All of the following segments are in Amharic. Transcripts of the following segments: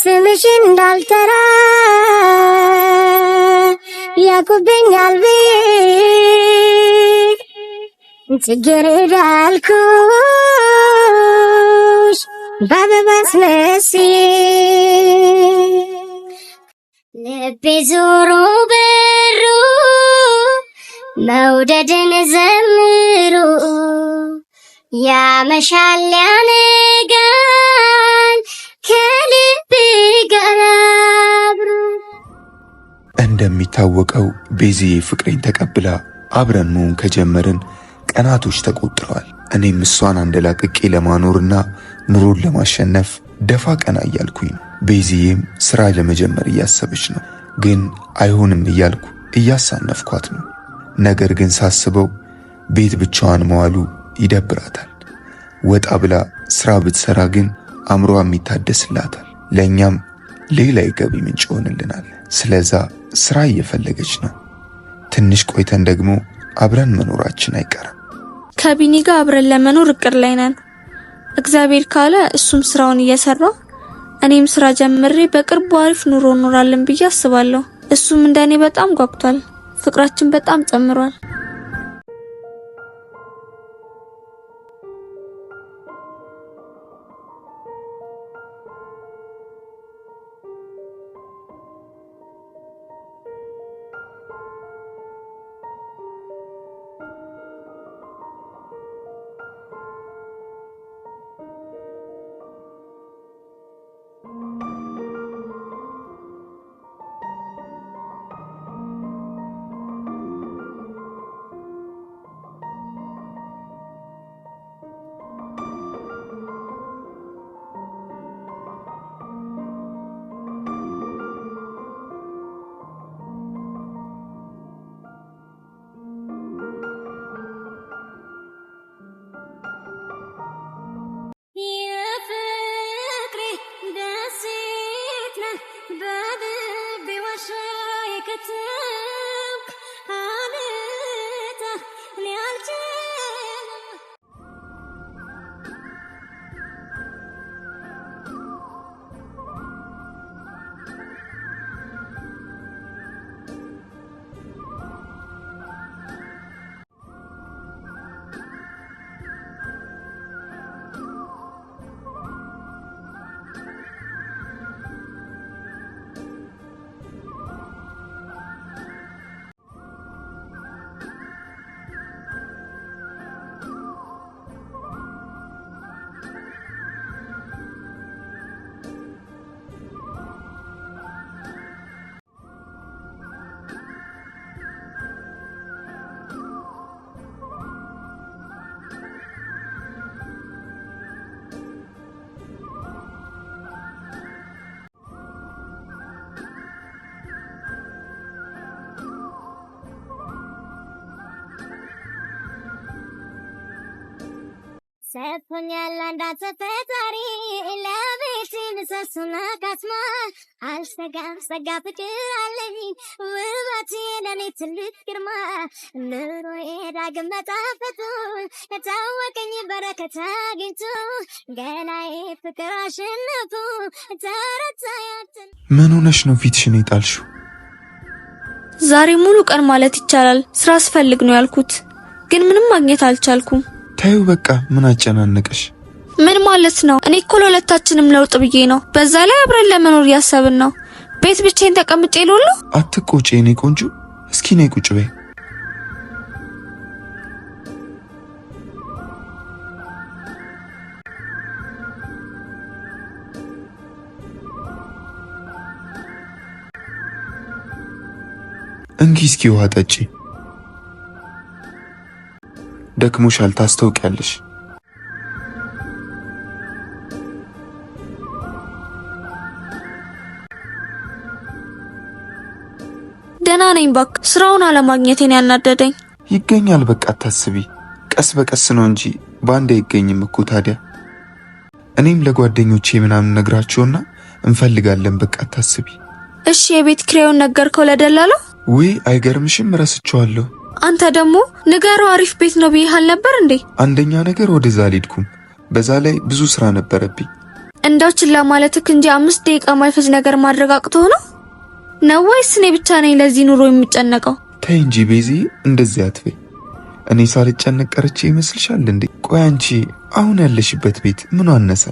ስምሽ እንዳልጠራ ያቁብኛል ቤት ጽጌረዳ አልኩሽ በአበባ ልቤ ዞሮ በሩ መውደድን ዘምሩ ያመሻል ያነጋል እንደሚታወቀው ቤዝዬ ፍቅሬን ተቀብላ አብረን መሆን ከጀመርን ቀናቶች ተቆጥረዋል። እኔም እሷን አንደላቅቄ ለማኖርና ኑሮን ለማሸነፍ ደፋ ቀና እያልኩኝ ነው። ስራ ለመጀመር እያሰበች ነው፣ ግን አይሆንም እያልኩ እያሳነፍኳት ነው። ነገር ግን ሳስበው ቤት ብቻዋን መዋሉ ይደብራታል። ወጣ ብላ ስራ ብትሰራ ግን አእምሮዋም ይታደስላታል፣ ለእኛም ሌላ የገቢ ምንጭ ይሆንልናል። ስለዛ ስራ እየፈለገች ነው። ትንሽ ቆይተን ደግሞ አብረን መኖራችን አይቀርም። ከቢኒ ጋር አብረን ለመኖር እቅድ ላይ ነን። እግዚአብሔር ካለ እሱም ስራውን እየሰራ እኔም ስራ ጀምሬ በቅርቡ አሪፍ ኑሮ እኖራለን ብዬ አስባለሁ። እሱም እንደኔ በጣም ጓጉቷል። ፍቅራችን በጣም ጨምሯል። ሰጥቶኝ ያለ አንዳንተ ለቤት ምሰሶና ካስማ አልሰጋም ሰጋ ፍቅር አለኝ ውበት ለኔ ትልቅ ግርማ ኑሮዬ ዳግም መጣፈቱ ታወቀኝ በረከት አግኝቱ ገላዬ ፍቅር አሸነፉ ተረታያትን ምን ሆነሽ ነው ፊትሽን የጣልሽው? ዛሬ ሙሉ ቀን ማለት ይቻላል ስራ አስፈልግ ነው ያልኩት፣ ግን ምንም ማግኘት አልቻልኩም። ታዩ በቃ ምን አጨናነቀሽ? ምን ማለት ነው? እኔ እኮ ለሁለታችንም ለውጥ ብዬ ነው። በዛ ላይ አብረን ለመኖር እያሰብን ነው። ቤት ብቻዬን ተቀምጬ ሉሉ። አትቆጪ የኔ ቆንጆ። እስኪ ነይ ቁጭ በይ። እንኪ እስኪ ውሃ ጠጪ። ደክሞሻል፣ ታስታውቂያለሽ። ደህና ነኝ እባክህ። ስራውን አለማግኘቴን ያናደደኝ። ይገኛል፣ በቃ አታስቢ። ቀስ በቀስ ነው እንጂ በአንድ አይገኝም እኮ ታዲያ። እኔም ለጓደኞቼ ምናምን ነግራቸውና እንፈልጋለን። በቃ አታስቢ እሺ። የቤት ክሬውን ነገርከው ለደላለው? ውይ አይገርምሽም? ረስቸዋለሁ። አንተ ደግሞ ንገሩ አሪፍ ቤት ነው ብዬሃል ነበር እንዴ? አንደኛ ነገር ወደዛ አልሄድኩም። በዛ ላይ ብዙ ስራ ነበረብኝ። እንደው ችላ ማለትክ እንጂ አምስት ደቂቃ ማይፈጅ ነገር ማድረግ አቅቶ ነው ነው ወይስ እኔ ብቻ ነኝ ለዚህ ኑሮ የሚጨነቀው? ተይ እንጂ ቤዚ፣ እንደዚህ አትበይ። እኔ ሳልጨነቅ ቀርቼ ይመስልሻል እንዴ? ቆይ አንቺ አሁን ያለሽበት ቤት ምን አነሰ?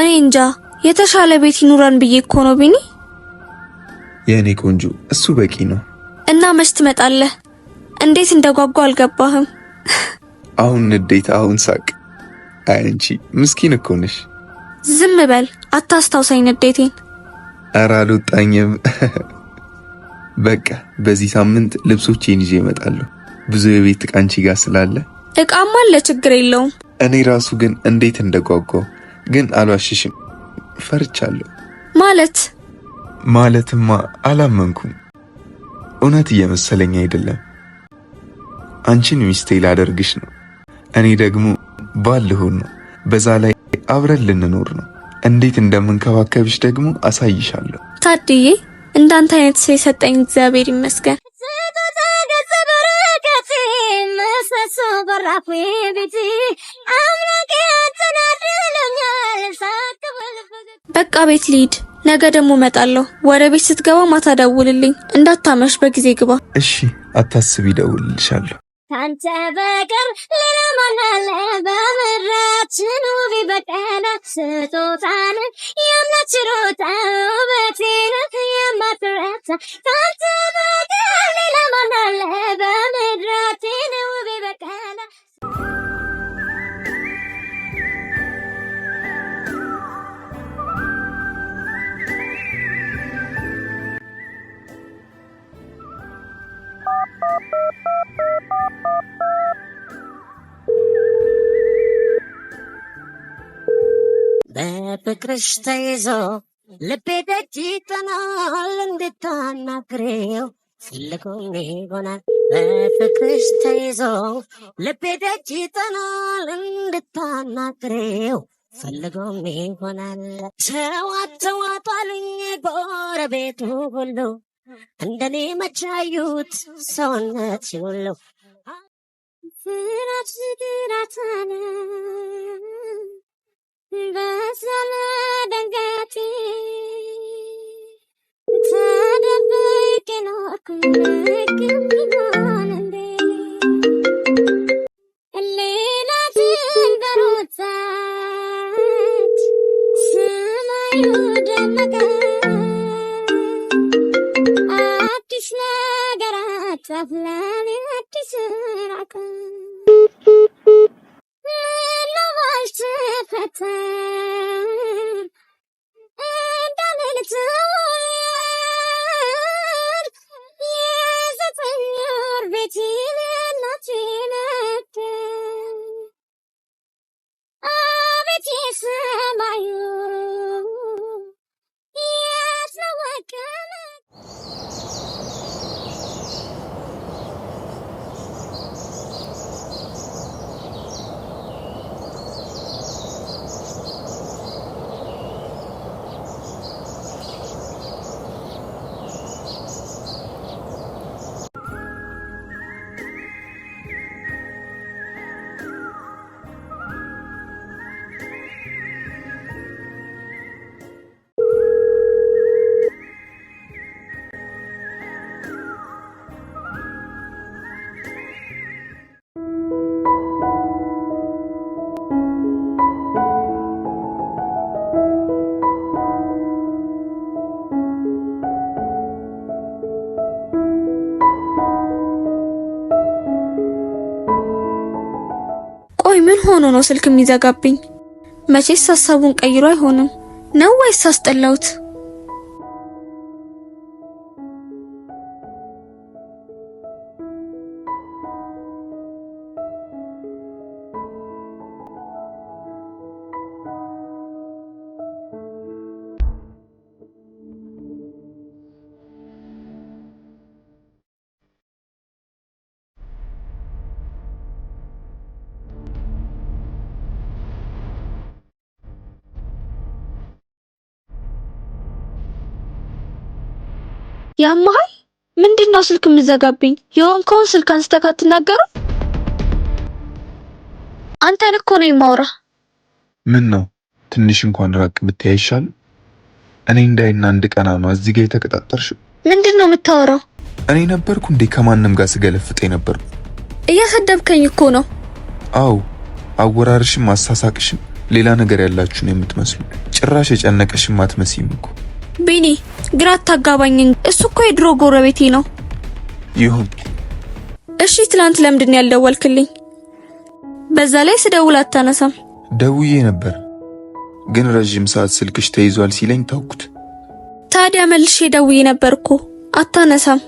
እኔ እንጃ የተሻለ ቤት ይኑረን ብዬ እኮ ነው ቢኒ። የእኔ ቆንጆ፣ እሱ በቂ ነው። እና መች ትመጣለህ? እንዴት እንደጓጓ አልገባህም። አሁን ንዴት፣ አሁን ሳቅ። አንቺ ምስኪን እኮ ነሽ። ዝም በል አታስታውሳኝ ንዴቴን። ኧረ አልወጣኝም። በቃ በዚህ ሳምንት ልብሶቼን ይዤ እመጣለሁ። ብዙ የቤት ዕቃ አንቺ ጋር ስላለ እቃማ አለ፣ ችግር የለውም። እኔ ራሱ ግን እንዴት እንደጓጓው ግን አልዋሽሽም፣ ፈርቻለሁ። ማለት ማለትማ አላመንኩም። እውነት እየመሰለኝ አይደለም አንቺን ሚስቴ ላደርግሽ ነው። እኔ ደግሞ ባልሁን ነው። በዛ ላይ አብረን ልንኖር ነው። እንዴት እንደምንከባከብሽ ደግሞ አሳይሻለሁ። ታድዬ እንዳንተ አይነት ሰው የሰጠኝ እግዚአብሔር ይመስገን። በቃ ቤት ልሂድ። ነገ ደግሞ እመጣለሁ። ወደ ቤት ስትገባ ማታ ደውልልኝ። እንዳታመሽ፣ በጊዜ ግባ። እሺ፣ አታስቢ፣ ደውልልሻለሁ። ካንተ በቀር ሌላ ማናለ በምድራችን ውብ በቀለ ስጦታን የእምነት ችሮታ የማትረታ ካንተ በቀር ሌላ ማናለ በምድራችን ውብ በቀለ ፍቅርሽ ተይዞ ልቤ ደጅ ይጠናል እንድታናግሬው ፈልጎኝ ይሆናል በፍቅርሽ ተይዞ ልቤ ደጅ ይጠናል እንድታናግሬው ፈልጎኝ ይሆናል ሰዋት ተዋጧልኝ ጎረቤቱ ሁሉ እንደኔ መቻዩት ሰውነት ይውሉ ሁሉ ፍራት በሰለ ደንገቴ ተደብቄ ኖርኩ ሆኖ ነው ስልክ የሚዘጋብኝ? መቼስ ሀሳቡን ቀይሮ አይሆንም ነው ወይስ አስጠላውት? ያመሃል? ምንድን ነው ስልክ የምዘጋብኝ? የሆንከውን ስልክ አንስተህ አትናገርም? አንተን እኮ ነው የማውራ። ምን ነው ትንሽ እንኳን ራቅ ብታይ አይሻልም? እኔ እንዳይና አንድ ቀና ነው እዚህ ጋር የተቀጣጠርሽው ምንድን ነው የምታወራው? እኔ ነበርኩ እንዴ ከማንም ጋር ስገለፍጥ ነበርኩ? እያሰደብከኝ እኮ ነው። አው አወራርሽም አሳሳቅሽም ሌላ ነገር ያላችሁ ነው የምትመስሉ። ጭራሽ የጨነቀሽም አትመስይም እኮ ቢኒ ግራ አታጋባኝ። እሱ እኮ የድሮ ጎረቤቴ ነው። ይሁን እሺ። ትላንት ለምንድን ያልደወልክልኝ? በዛ ላይ ስደውል አታነሳም። ደውዬ ነበር ግን ረዥም ሰዓት ስልክሽ ተይዟል ሲለኝ ታውኩት። ታዲያ መልሼ ደውዬ ነበር እኮ አታነሳም።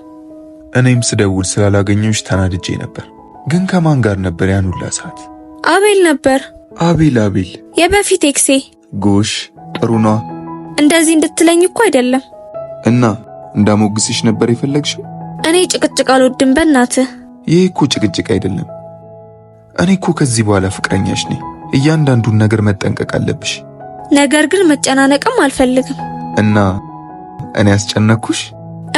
እኔም ስደውል ስላላገኘሁሽ ተናድጄ ነበር። ግን ከማን ጋር ነበር ያን ሁላ ሰዓት? አቤል ነበር። አቤል አቤል፣ የበፊት ኤክሴ። ጎሽ ጥሩ ነዋ። እንደዚህ እንድትለኝ እኮ አይደለም። እና እንዳሞግስሽ ነበር የፈለግሽው? እኔ ጭቅጭቅ አልወድም። በእናትህ ይህ እኮ ጭቅጭቅ አይደለም። እኔ እኮ ከዚህ በኋላ ፍቅረኛሽ ነኝ። እያንዳንዱን ነገር መጠንቀቅ አለብሽ። ነገር ግን መጨናነቅም አልፈልግም። እና እኔ ያስጨነኩሽ?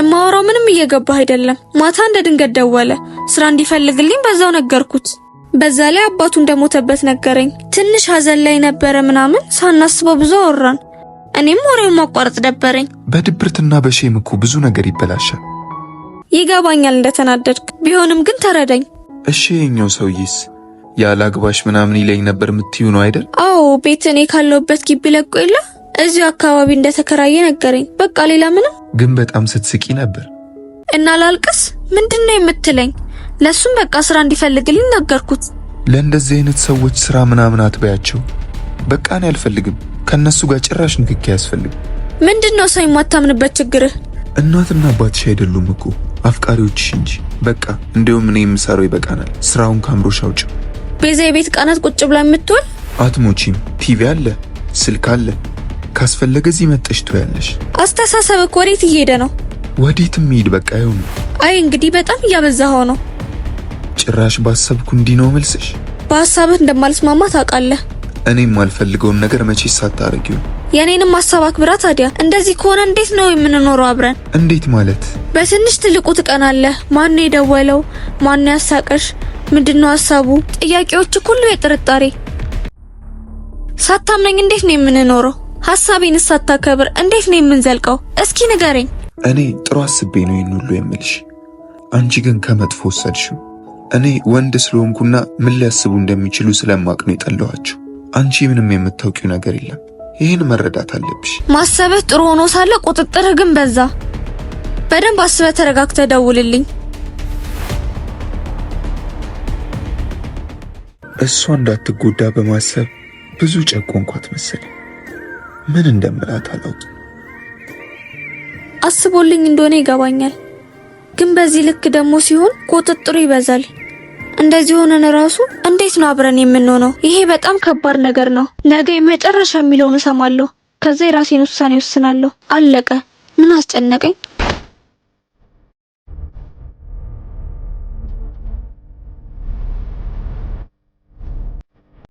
እማወራው ምንም እየገባህ አይደለም። ማታ እንደ ድንገት ደወለ። ስራ እንዲፈልግልኝ በዛው ነገርኩት። በዛ ላይ አባቱ እንደሞተበት ነገረኝ። ትንሽ ሀዘን ላይ ነበረ ምናምን። ሳናስበው ብዙ አወራን። እኔም ወሬውን ማቋረጥ ደበረኝ። በድብርትና በሼም እኮ ብዙ ነገር ይበላሻል። ይገባኛል እንደተናደድክ፣ ቢሆንም ግን ተረዳኝ እሺ። የኛው ሰውዬስ ያለ አግባሽ ምናምን ይለኝ ነበር የምትዩ ነው አይደል? አዎ፣ ቤት እኔ ካለውበት ግቢ ለቆ የለ እዚሁ አካባቢ እንደተከራየ ነገረኝ። በቃ ሌላ ምንም። ግን በጣም ስትስቂ ነበር እና ላልቅስ ምንድን ነው የምትለኝ? ለእሱም በቃ ስራ እንዲፈልግልኝ ነገርኩት። ለእንደዚህ አይነት ሰዎች ስራ ምናምን አትበያቸው። በቃ እኔ አልፈልግም። ከነሱ ጋር ጭራሽ ንክኪ አያስፈልግም። ምንድን ነው ሰው የማታምንበት ችግርህ? እናትና አባትሽ አይደሉም እኮ አፍቃሪዎችሽ እንጂ። በቃ እንዲሁም እኔ የምሰራው ይበቃናል። ስራውን ከአምሮሽ አውጭ። ቤዛ የቤት ቃናት ቁጭ ብላ የምትውል አትሞቺም። ቲቪ አለ፣ ስልክ አለ። ካስፈለገ እዚህ መጠሽ ትያለሽ። አስተሳሰብ እኮ ወዴት እየሄደ ነው? ወዴት ይሄድ። በቃ ይሁን። አይ እንግዲህ በጣም እያበዛኸው ነው። ጭራሽ ባሰብኩ እንዲህ ነው መልስሽ። በሀሳብህ እንደማልስማማ ታውቃለህ። እኔም አልፈልገውን ነገር መቼ ሳታረጊው የእኔንም ሀሳብ አክብራ። ታዲያ እንደዚህ ከሆነ እንዴት ነው የምንኖረው አብረን? እንዴት ማለት? በትንሽ ትልቁ ትቀናለህ። ማን ነው የደወለው? ማን ያሳቀሽ? ምንድነው ነው ሀሳቡ? ጥያቄዎች ሁሉ የጥርጣሬ ሳታምነኝ እንዴት ነው የምንኖረው? ሀሳቤን ሳታከብር እንዴት ነው የምንዘልቀው? እስኪ ንገረኝ። እኔ ጥሩ አስቤ ነው ይህን ሁሉ የምልሽ፣ አንቺ ግን ከመጥፎ ወሰድሽው። እኔ ወንድ ስለሆንኩና ምን ሊያስቡ እንደሚችሉ ስለማቅ ነው የጠላኋቸው። አንቺ ምንም የምታውቂው ነገር የለም። ይህን መረዳት አለብሽ። ማሰብህ ጥሩ ሆኖ ሳለ ቁጥጥርህ ግን በዛ። በደንብ አስበህ ተረጋግተህ ደውልልኝ። እሷ እንዳትጎዳ በማሰብ ብዙ ጨቆንኳት መሰለኝ። ምን እንደምላት አላውቅም። አስቦልኝ እንደሆነ ይገባኛል፣ ግን በዚህ ልክ ደግሞ ሲሆን ቁጥጥሩ ይበዛል። እንደዚህ ሆነን ራሱ እንዴት ነው አብረን የምንሆነው? ይሄ በጣም ከባድ ነገር ነው። ነገ የመጨረሻ የሚለውን እሰማለሁ። ከዛ የራሴን ውሳኔ ወስናለሁ። አለቀ። ምን አስጨነቀኝ?